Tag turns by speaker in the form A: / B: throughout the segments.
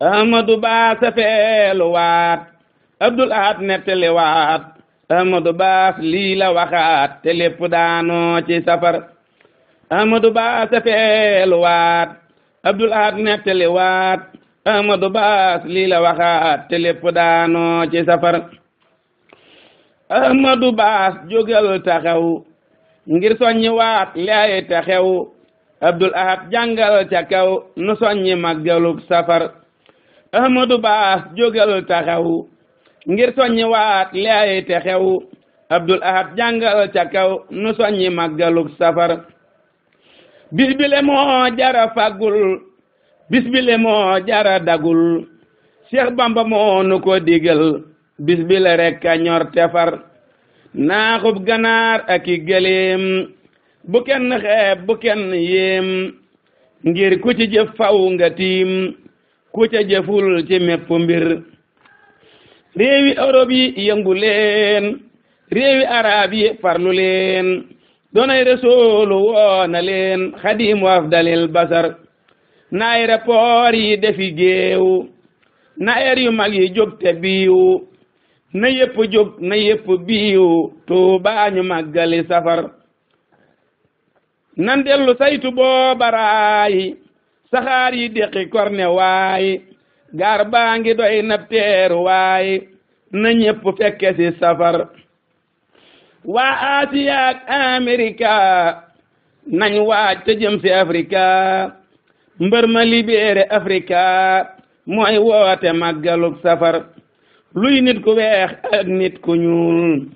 A: Amadou Ba safeelu waat Abdoul Ahad nettali waat Amadou Ba lii la waxaat te lépp daanoo ci safar Amadou Ba safeelu waat Abdoul Ahad nettali waat Amadou Ba lii la waxaat te lépp daanoo ci safar Amadou Ba jógal taxaw ngir soññi waat lay taxaw Abdoul Ahad jàngal ca kaw nu soññi màggalug safar ahmadu ba jógal taxaw ngir soññi waat li xew abdul ahad jàngal ca kaw nu soññi màggaluk safar bis moo jara fàggul bis moo jara dagul Cheikh Bamba moo nu ko digal bis bile a ñor tefar naaxub ganaar ak i gëléem bu kenn xeeb bu kenn yéem ngir ku ci jëf faw nga tiim ku ca jëful ci mépp mbir réewi Europe yi yëngu leen réewi arab yi farlu leen doonay resoolu woona leen xadim waaf basar na aéroport yi defi géew na air er mag yi jóg te biiw na yëpp jóg na yëpp biiw tuubaa ñu màggali safar nan dellu saytu booba saxaar yi deqi korne waaye gaar baa ngi doy na peer waaye na ñépp fekke si safar waa Aasiya ak Amerika nañ waaj te jëm si mbër ma libéré Afrika mooy woote màggalug safar luy nit ku weex ak nit ku ñuul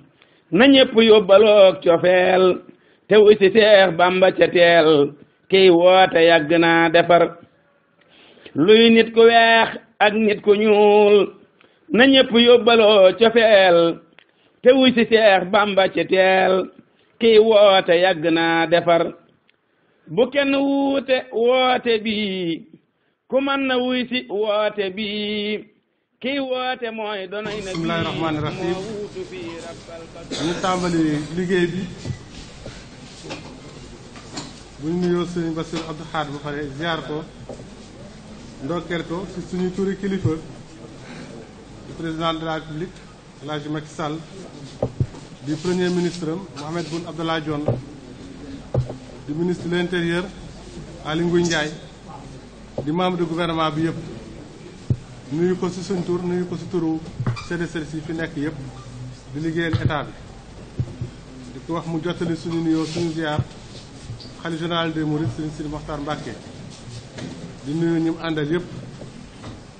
A: na ñépp yóbbaloog cofeel te wuy si Seex Bamba ca kiy woote yàgg na defar luy nit ku weex ak nit ku ñuul na ñëpp yóbbaloo cofeel te wuy si seex bamba ci teel kiy woote yàgg na defar bu kenn wuute woote bii ku mën na wuy woote bii kiy woote mooy donay na bismillahi rahmaani rahim
B: ñu tàmbali liggéey bi bu ñu nuyoo sëriñ Bassirou Abdou Khadre bu pare ziar ko ndokkeel ko ci suñu turi kilifa du président de la république Sall di premier ministre am Mohamed Boun Abdallah Dionne di ministre de l'intérieur Aly Ngouille Ndiaye di membre du gouvernement bi yëpp nuyu ko ci suñ tur nuyu ko ci turu chef de service fi nekk yëpp di liggéeyal état bi di ko wax mu jottali suñu nuyoo suñu ziar. xalifa général des mourides Serigne Sidi Mokhtar Mbacke di nuyu ñu àndal yëpp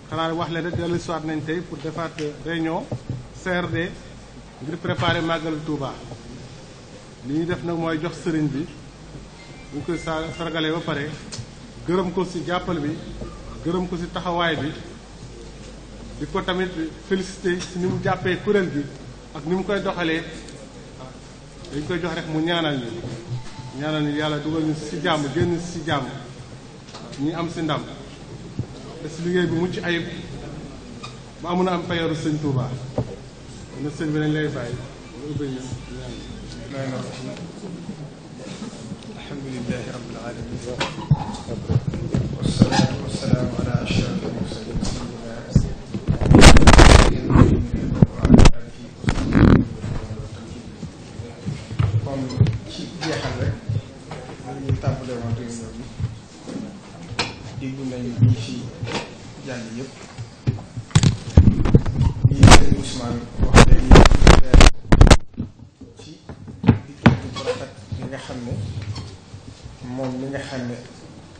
B: xanaa wax leen rek dellu siwaat nañ tey pour defaat réunion CRD ngir préparer màggalu tuuba li ñuy def nag mooy jox sëriñ bi bu ñu koy sargalee ba pare gërëm ko ci jàppale bi gërëm ko ci taxawaay bi di ko tamit félicité ci ni mu jàppee kuréel bi ak ni mu koy doxalee dañ koy jox rek mu ñaanal ñu ñaanal ni yàlla dugal ñu si jàmm génn si jàmm ñi am si ndam te si liggéey bi mucc ayib ba amun a am payoru sëñ Touba na sëñ bi nañ lay bàyyi
C: nga ubbi ñu ñaan alhamdulilahi rabbil alamin wasalaatu wasalaamu ala ashraf al mursalin moom li nga xam ne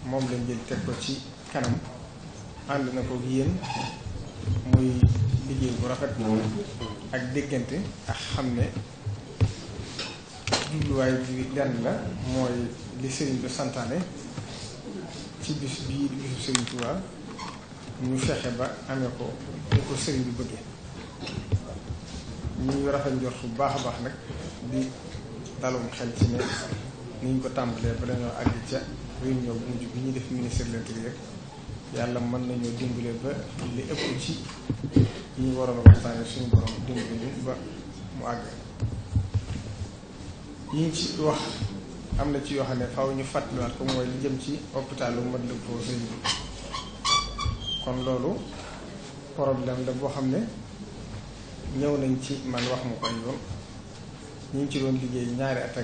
C: moom lañ jël teg ko ci kanam ànd na ko yéen muy liggéey bu rafet ak déggante ak xam ne jubluwaay bi lenn la mooy li sëriñ bi santaane ci bis bii di bisu sëriñ Tuubaa ñu fexe ba amee ko ñu ko sëriñ bi bëggee ñu rafet njort bu baax a baax nag di dalum xel ci ne ni ñu ko tàmbalee ba dañoo àgg ca réunion bu mujj bi ñu def ministre de l'intérieur yàlla mën nañoo dimbale ba li ëpp ci yi ñu waroon a waxtaanee suñu borom dimbale ba mu àgg yi ñu ci wax am na ci yoo xam ne faaw ñu fàttaliwaat ko mooy li jëm ci hôpitalu Matlaboul Fawzayni kon loolu problème la boo xam ne ñëw nañ ci man wax ma ko yoon ñu ngi ci doon liggéey ñaari at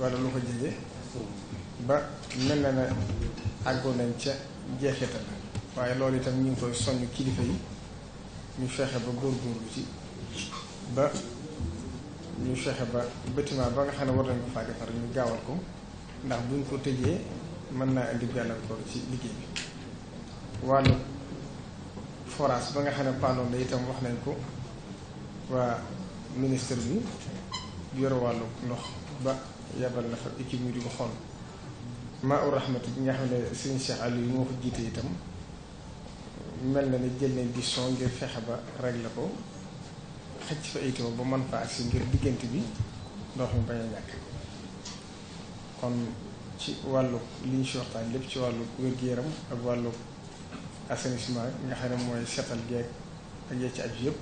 C: wala lu ko jege ba mel na ne àggoon nañ ca jeexital waaye loolu itam ñu ngi koy soññ kilifa yi ñu fexe ba góor góorgóorlu ci ba ñu fexe ba bâtiment ba nga xam ne war nañ ko faa defar ñu gaawal ko ndax buñ ko tëjee mën naa indi gàllankoor ci liggéey bi wàllu forage ba nga xam ne paanoon na itam wax nañ ko waa ministre bi yore wàllu ndox ba yabal na fa équipe bi di ko xool maa u rahmati bi nga xam ne sëñ Cheikh Aliou moo ko jiite itam mel na ne jël nañ décision ngir fexe ba régler ko xëcc fa ay ba man fa agsi ngir diggante bi ndox mi bañ a ñàkk kon ci wàllu li ñu si waxtaan lépp ci wàllu wér gu ak wàllu assainissement nga xam ne mooy setal geeg ak yee ci aju yëpp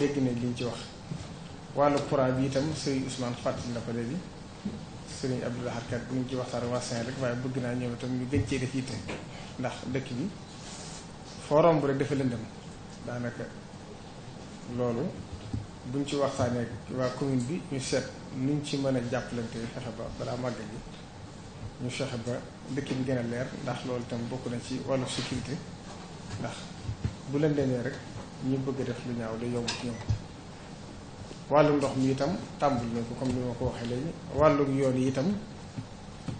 C: dégg nañ li ñu ci wax wàllu courant bi itam sëñ Ousmane fàttali na ko léegi sëriñ Abdoul Ahad bu ñu ci waxtaan waa Sénégal rek waaye bëgg naa ñëw tam ñu gën cee def yitte ndax dëkk bi forum bu rek dafa lëndëm daanaka loolu buñ ci waxtaanee waa commune bi ñu seet nuñ ci mën a jàppalante fexe ba balaa màgg bi ñu fexe ba dëkk bi gën a leer ndax loolu itam bokk na ci wàllu sécurité ndax bu lëndëmee rek ñu bëgg a def lu ñaaw day yomb ci ñoom. wàllum ndox mi itam tàmbali nañ ko comme ni ma ko waxee léegi wàllum yoon yi itam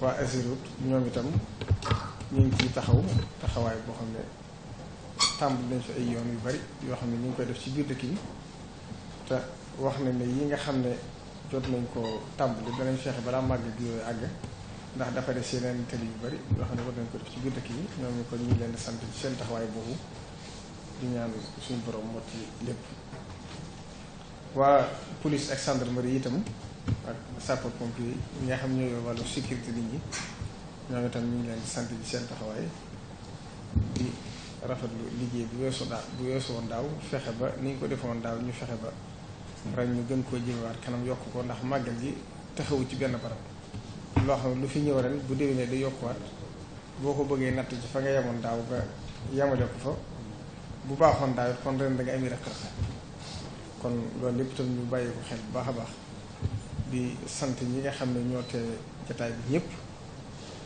C: waa Azirut ñoom itam ñu ngi ciy taxaw taxawaay boo xam ne tàmbali nañ fi ay yoon yu bari yoo xam ne ñu ngi koy def ci biir dëkk te wax na ne yi nga xam ne nañ ko tàmbali danañ fexe balaa màgg gi ndax dafa def yeneen tëli yu bari yoo xam ne war nañ ko def ci biir dëkk yi ñoom ñu ñu leen di sant ci seen taxawaay boobu di ñaan suñ borom mot ci lépp. waa police ak gendarmerie itam ak sapeur pompier yi nga xam ñooy wàllu sécurité nit ñi ñoom itam ñu ngi leen di sant ci seen taxawaay di lu liggéey bu weesu daaw bu weesu daaw fexe ba ni ñu ko defoon daaw ñu fexe ba ren ñu gën koo jëmewaat kanam yokk ko ndax màggal gi taxawu ci benn barab loo xam lu fi ñëw ren bu déwénee di yokkuwaat boo ko bëggee natt ci fa nga yemoon daaw nga yemale ko fa bu baaxoon daaw kon ren da nga am i kon loolu lépp tam ñu bàyyi ko xel bu baax a baax di sant ñi nga xam ne ñoo te jataay bi ñëpp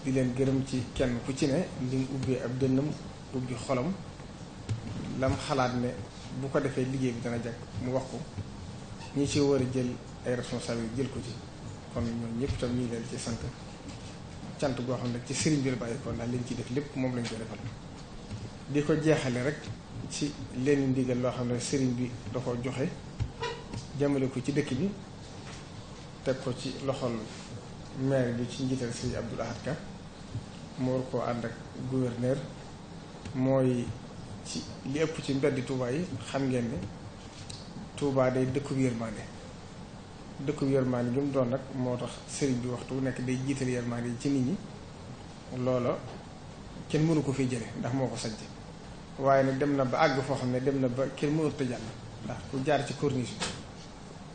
C: di leen gërëm ci kenn ku ci ne li ubbee ab dënnam ubbi xolam lam xalaat ne bu ko defee liggéey bi dana jag mu wax ko ñi ci war a jël ay responsabilité jël ko ci kon ñoom ñëpp itam ñu leen ci sant cant goo xam ne ci sëriñ bi la bàyyi ko ndax liñ ci def lépp moom lañ ko defal di ko jeexale rek ci leen ndigal loo xam ne sëriñ bi da ko joxe jëmale ko ci dëkk bi teg ko ci loxol maire bi ci njiital sëñ Abdoul Ahad Ka war koo ànd ak gouverneur mooy ci li ëpp ci mbedd Touba yi xam ngeen ni Touba day dëkku yërmande dëkku yërmande gi mu doon nag moo tax sëriñ bi waxtu bu nekk day jiital yërmande yi ci nit ñi loola kenn mënu ko fi jële ndax moo ko sajj waaye nag dem na ba àgg foo xam ne dem na ba kenn mënut a ndax ku jaar ci corniche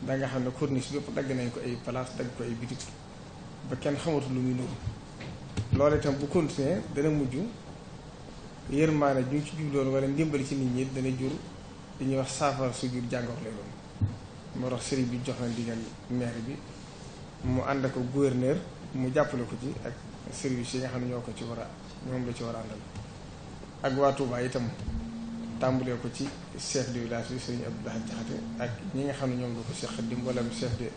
C: da nga xam ne corniche yëpp dagg nañ ko ay place dagg ko ay bitik ba kenn xamatu lu muy nuru loolu itam bu continuer dana mujj yërmaane ju ñu ci jubloon wala ndimbali ci nit ñi dana jur li ñuy wax saafara su jur jàngoor lay doon moo tax sëriñ bi jox na ndigal maire bi mu ànd ko gouverneur mu jàppale ko ci ak service yi nga xam ne ñoo ko ci war a ñoom la ci war a àndal ak waa Touba itam tàmbulee ko ci chef de village bi sëriñ Abdoulaye Jaxate ak ñi nga xam ne ñoom la ko seq di mboolem chef de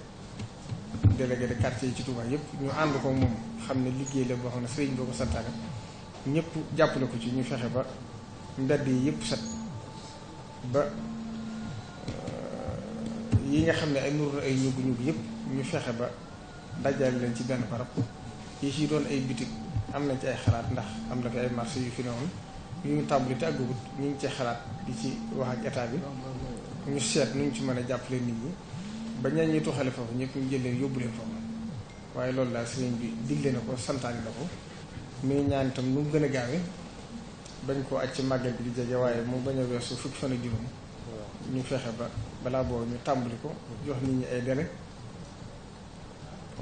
C: délégué de quartier yi ci Touba yëpp ñu ànd ko moom xam ne liggéey la boo xam ne sëriñ boo ko santaane ñëpp jàppale ko ci ñu fexe ba mbedd yi yëpp set ba euh, nga xam ne ay nur ay ñugg ñugg yëpp ñu fexe ba dajale leen ci benn barab yi ci doon ay bitig am nañ ci ay xalaat ndax am na fi ay marché yu fi newoon ñu ngi tàmbali te àggagut ñu ci xalaat di ci wax ak état bi ñu seet nu ñu ci mën a jàppale nit ñi ba ñaan ñi tuxale foofu ñëpp ñu jël leen yóbbu leen foofu waaye loolu laa sëriñ bi digle na ko santaani na ko muy ñaan itam nu mu gën a gaawee bañ koo acc màggal bi di jege waaye mu bañ a weesu fukki fan ak juróom ñu fexe ba balaa boobu ñu tàmbali ko jox nit ñi ay dere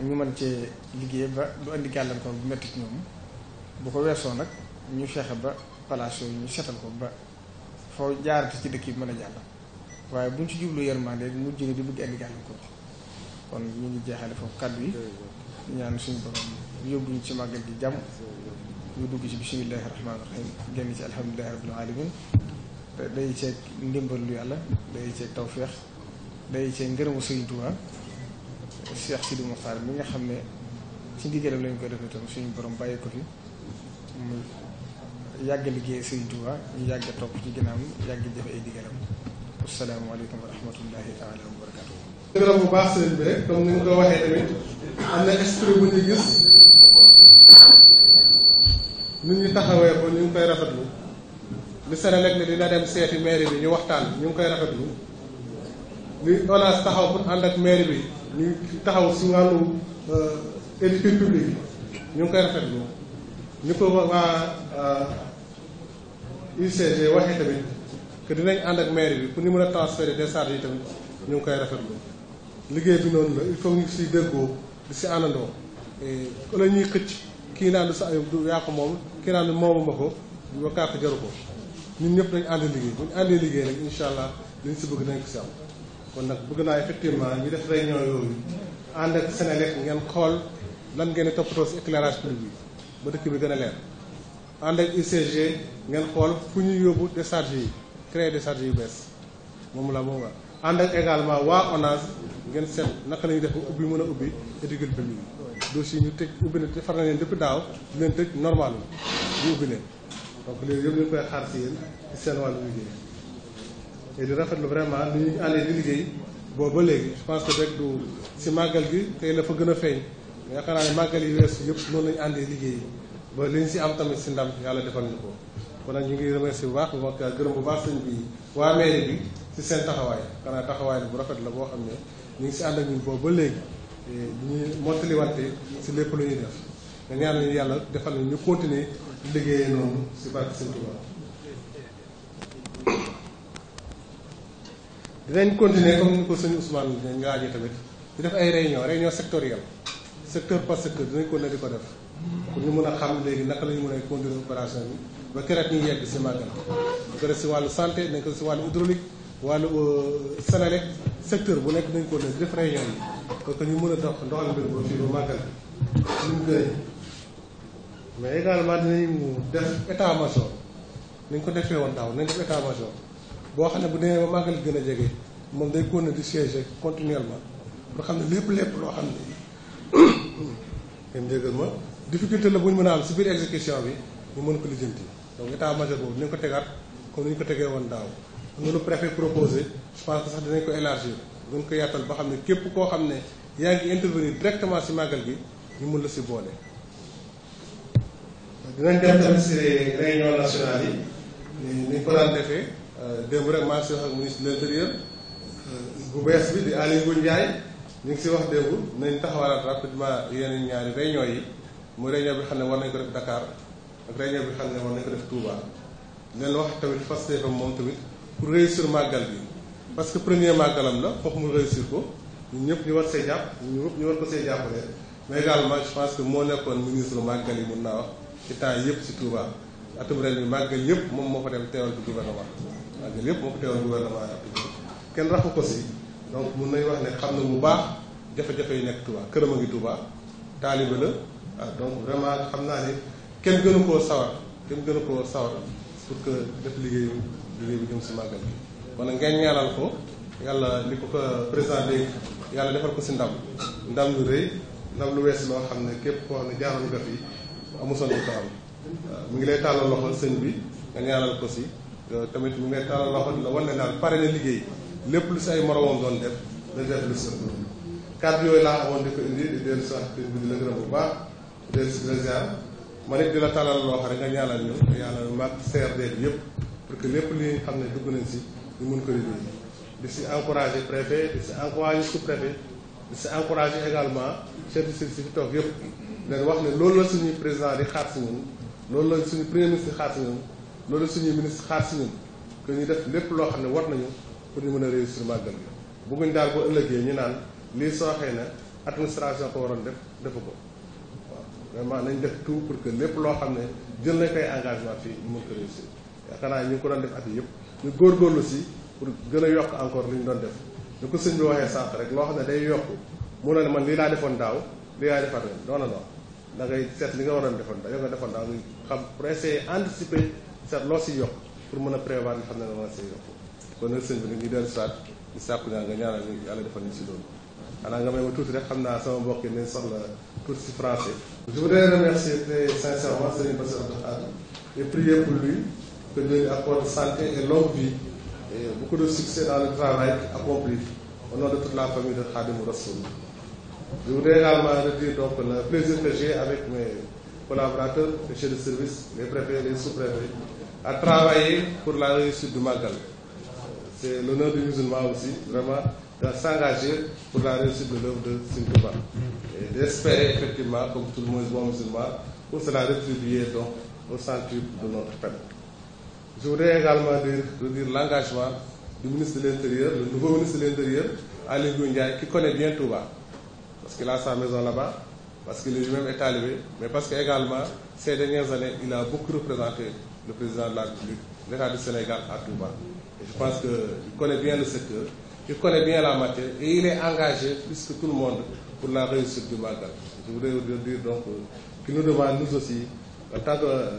C: ñu mën cee liggéey ba du andi gàllankoor bu metti ñoom bu ko weesoo nag ñu feexe ba place yooyu ñu setal ko ba foo jaarate ci dëkk yi mën a jàll waaye buñ ci jublu yërmande mujj ni di bëgg indi ko kon ñu ngi jeexale foofu kàddu yi ñaan suñu borom yóbbuñu ci màggal gi jàmm ñu dugg ci bisimillahi rahmaani rahim génn ci alhamdulilahi rabbil alamin day ceeg ndimbal lu yàlla day ceeg tawféex day ceeg ngërëmu Sëriñ Tuubaa Cheikh Sidi Mokhtar mi nga xam ne ci ndigalam lañ koy defee tam suñu borom bàyyi ko fi yàgg liggéey Sëriñ Tuubaa ñu yàgg topp ci ginnaawam yàgg jëfe ay digalam asalaamaaleykum wa rahmatullahi taala wa nga
B: ko waxee tamit am na esprit bu ñu gis ko ñu ngi koy rafetlu li Senelec ni dina dem seeti bi ñu waxtaan ñu ngi koy rafetlu li ONAS taxaw pour ànd ak mairie bi ñu taxaw si wàllu euh, édifice public ñu ngi koy rafetlu ñu ko Euh, u UCG waxee tamit que dinañ ànd ak maire bi pour ñu mën a transférer des charges yi tamit ñu ngi koy rafetlu liggéey bi noonu la il faut ngi si déggoo di si àndandoo ko la ñuy xëcc kii naan du sa du yaa moom kii naan moomuma ko ba kàpp jaru ko ñun ñëpp dañu ànd liggéey bu ñu àndee liggéey rek incha allah liñ si bëgg nañ ko si am kon nag bëgg naa effectivement ñu def réunion yooyu ànd ak Senelec ngeen xool lan ngeen di toppatoo si éclairage public bi ba dëkk bi gën leer. ànd ak UCG ngeen xool fu ñuy yóbbu décharge yi créer décharge yu bees moom la moom nga ànd ak également waa ONAS ngeen seet naka lañuy def ba ubbi mën a ubbi bi publique yi si ñu tëj ubbi na far na leen depuis daaw di leen tëj normal ñu ubbi leen donc léegi yëpp ñu koy xaar si yéen ci seen wàllu liggéey et di rafetlu vraiment ni ñu àndee di liggéey boobu ba léegi je pense que rek du si màggal gi tey la fa gën a feeñ yaakaar naa ne màggal yi weesu yëpp noonu lañu àndee liggéey ba li ñu si am tamit si ndam yàlla defal ñu ko kon nag ñu ngi remercier bu baax bu ma gërëm bu baax sëñ bi waa mairie bi si seen taxawaay xanaa taxawaay bu rafet la boo xam ne ñu ngi si ànd ak ñun boobu ba léegi ñu mottali wante si lépp lu ñuy def nga ñaan ñu yàlla defal na ñu continuer liggéeyee noonu si barke sëñ Tuubaa dinañ continuer comme ni ko sëñ Ousmane nga laajee tamit di def ay réunion ñoo sectorielle secteur par secteur dinañ ko ne di ko pour ñu mën a xam léegi naka la mën a conduire opération bi ba keroog ñu yegg si màggal bu ko def si wàllu santé nañ ko def si wàllu hydraulique wàllu euh, secteur bu nekk nañ ko def def réunion yi ñu mën a dox ndoxal mbir ba fii ba màggal ñu gën mais également dinañ def état major nañ ko defee woon daaw nañ def état major boo xam ne bu demee ba màggal gën a jege moom day continuer di siéger continuellement pour xam ne lépp lépp loo xam ne ngeen jégal ma difficulté la bu ñu mën a am si biir exécution bi ñu mën ko lijjanti donc état major boobu dinañ ko tegaat comme ni ñu ko tegee woon daaw am na lu préfet proposé je que sax dinañ ko élargir gën ko yaatal ba xam ne képp koo xam ne yaa ngi intervenir directement si màggal gi ñu mën la si boole. dinañ dem tamit si réunion nationale yi ni ñu ko daan defee euh, démb rek maa ngi si wax ak ministre de l' intérieur euh, bu bees bi di Aly Ngouille Ndiaye ñu ngi si wax démb nañ taxawalaat rapidement yeneen ñaari réunion yi. muy réunion bi xam ne war nañ ko def Dakar ak réunion bi xam ne war nañ ko def Touba leen wax tamit fasteefam moom tamit pour réussir bi parce que premier màggalam la foofu mu réussir ko ñëpp ñu war see jàpp ñu ñëpp ñu mais également je pense que moo nekkoon ministre màggal yi mun naa wax ci temps yëpp si Touba atum ren bi màggal yëpp moom moo fa dem teewal bi gouvernement màggal yëpp moo ko teewal gouvernement atum kenn raxu ko si donc mun nañ wax ne xam na bu baax jafe-jafe yi nekk Touba këram a ngi Touba taaliba la waaw ah, donc vraiment xam naa ne kenn gënu koo sawar kenn gënu koo sawar pour que def liggéeyam liggéey bi jëm si màggal bi kon ngeen ñaanal ko yàlla li ko ko président dégg yàlla defal ko si ndam ndam lu rëy ndam lu wees loo xam ne képp koo xam ne jaaroon nga fi amusoon lu ko am ah, mu ngi lay tàllal loxo seen bi nga ñaanal ko si tamit mu ngi lay tàllal loxo la wan ne daal pare na liggéey lépp lu si ay moromam doon def da def lu si kàddu yooyu laa amoon di ko indi di dellu la gërëm bu de ziar man it di la tàllal loo xam ne nga ñaanal ñu yàlla mag CRD bi yëpp pour que lépp lii xam ne dugg nañ si ñu mun ko liggéey di si encouragé préfet di si encouragé sous préfet di si encouragé également chef de service fi toog yëpp leen wax ne loolu la suñuy président di xaar si ñun loolu la suñu premier ministre di xaar si ñun loolu la suñuy ministre xaar si ñun que ñu def lépp loo xam ne war nañu pour ñu mën a réussir màggal gi bëgguñ daal boo ëllëgee ñu naan lii sooxee na administration ko waroon def defu ko vraiment nañ def tout pour que lépp loo xam ne jël nañ koy engagement fii ñu mën ko réussir yaakaar ñu ko doon def at yëpp ñu góorgóorlu si pour gën a yokk encore li ñu doon def lu ko sëñ bi waxee sànq rek loo xam ne day yokk mu ne man lii laa defoon daaw lii laa defaat ren non da seet li nga waroon defoon daaw yow nga defoon daaw xam pour essayer si yokk pour mën a prévoir xam ne la war a siy yokk kon nag dellu si di sàkku ñaan nga ñaanal yàlla defal ñu si loolu xanaa nga may ma tuuti rek xam naa sama mbokk yi nañ soxla tuuti français je voudrais remercier très sincèrement Serigne Bassirou Abdou longue vie et beaucoup succès dans le travail accompli au nom de toute la famille de Khadim Rassoul je voudrais également redire donc le plaisir que j'ai avec mes collaborateurs les chefs de service les préfets les sous-préfets à travailler pour la réussite du Magal c'est l'honneur du musulman aussi, vraiment, de s'engager pour la réussite de l'œuvre de Sintouba. Et d'espérer effectivement, comme tout le monde bon musulman, pour cela rétribuer donc au centuple de notre peuple. Je voudrais également dire, redire l'engagement du ministre de l'Intérieur, le nouveau ministre de l'Intérieur, Ali Goundiaï, qui connaît bien Touba, parce qu'il a sa maison là-bas, parce qu'il est lui est élevé, mais parce qu'également, ces dernières années, la République, Et je pense qu'il connaît bien le secteur, il connaît bien la matière et il engagé plus que tout le monde pour la réussite du Magal. Je voudrais vous dire donc euh, qu'il nous devons, nous aussi, en tant que euh,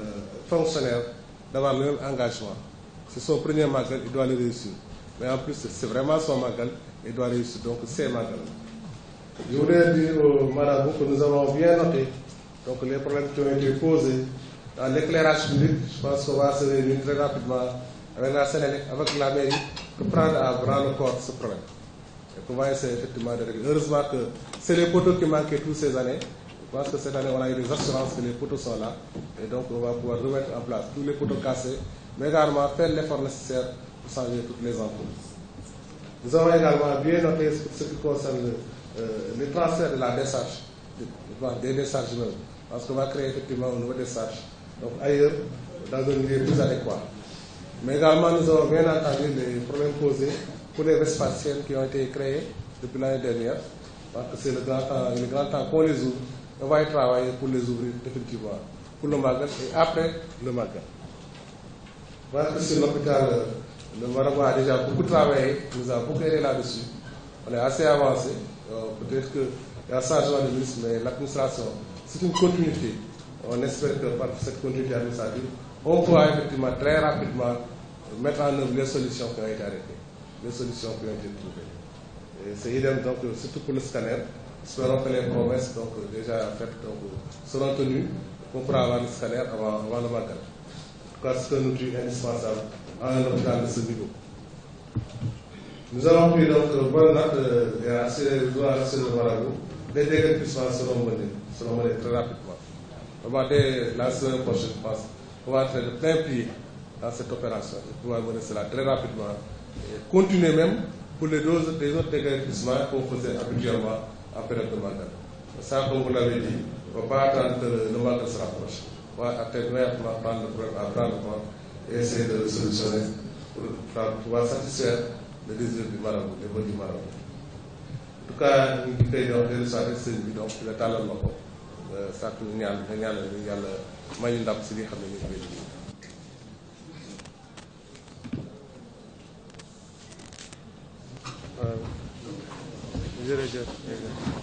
B: fonctionnaires, d'avoir le engagement. C'est son premier Magal, il doit le réussir. Mais en plus, c'est vraiment son Magal, il doit réussir. Donc, c'est Magal. Je voudrais dire au Marabout que bien noté donc, les problèmes qui ont été posés dans l'éclairage public. avec la Sénélec avec la mairie que prendre à bras le corps ce problème et qu'on va essayer effectivement de heureusement que c'est les poteaux qui manquaient toutes ces années je que cette année on a eu des assurances que les poteaux sont là et donc on va pouvoir remettre en place tous les poteaux cassés mais également faire l'effort nécessaire pour changer toutes les ampoules nous avons également bien euh, transfert de la décharge des décharges même parce qu'on va créer effectivement Mais également, nous avons bien entendu les problèmes posés pour les restes partiels qui ont été créés depuis l'année dernière. Parce c'est le grand temps, le grand temps qu'on les ouvre. On va y travailler pour les ouvrir définitivement, pour le Magal et après le Magal. Voilà que sur l'hôpital, euh, le Marabout a déjà beaucoup travaillé, nous a beaucoup aidé là-dessus. On est assez avancé. Euh, peut-être qu'il y a changement de ministre, c'est une continuité. on espère que par cette continuité administrative, on pourra effectivement très rapidement mettre en œuvre les solutions qui ont été arrêtées, les solutions qui ont été trouvées. idem donc, surtout pour le scanner. Espérons que les promesses donc, déjà faites donc, seront tenues, qu'on pourra avoir le scanner avant, Parce que nous indispensable à un hôpital de ce niveau. pris donc bonne note euh, et assez de voir à des dégâts de puissance seront menés, très rapidement. On va dès la semaine prochaine, je pense, on va faire de plein pied dans cette opération et pouvoir mener cela très rapidement. Et continuer même pour les doses des autres dégâtissements qu'on faisait habituellement en période de mandat. Ça, comme vous l'avez dit, on ne va pas attendre que le mandat se rapproche. On va atteindre prendre le problème à prendre et essayer de le solutionner pour pouvoir satisfaire le désir du marabout, les voeux du marabout. En tout cas, ñu ngi koy jox résultat sëñ bi donc di la tàllal ma ko sàkku ñaan ñaanal ñu yàlla may ñu ndam si li xam ne ñu ngi
A: koy liggéey jërëjëf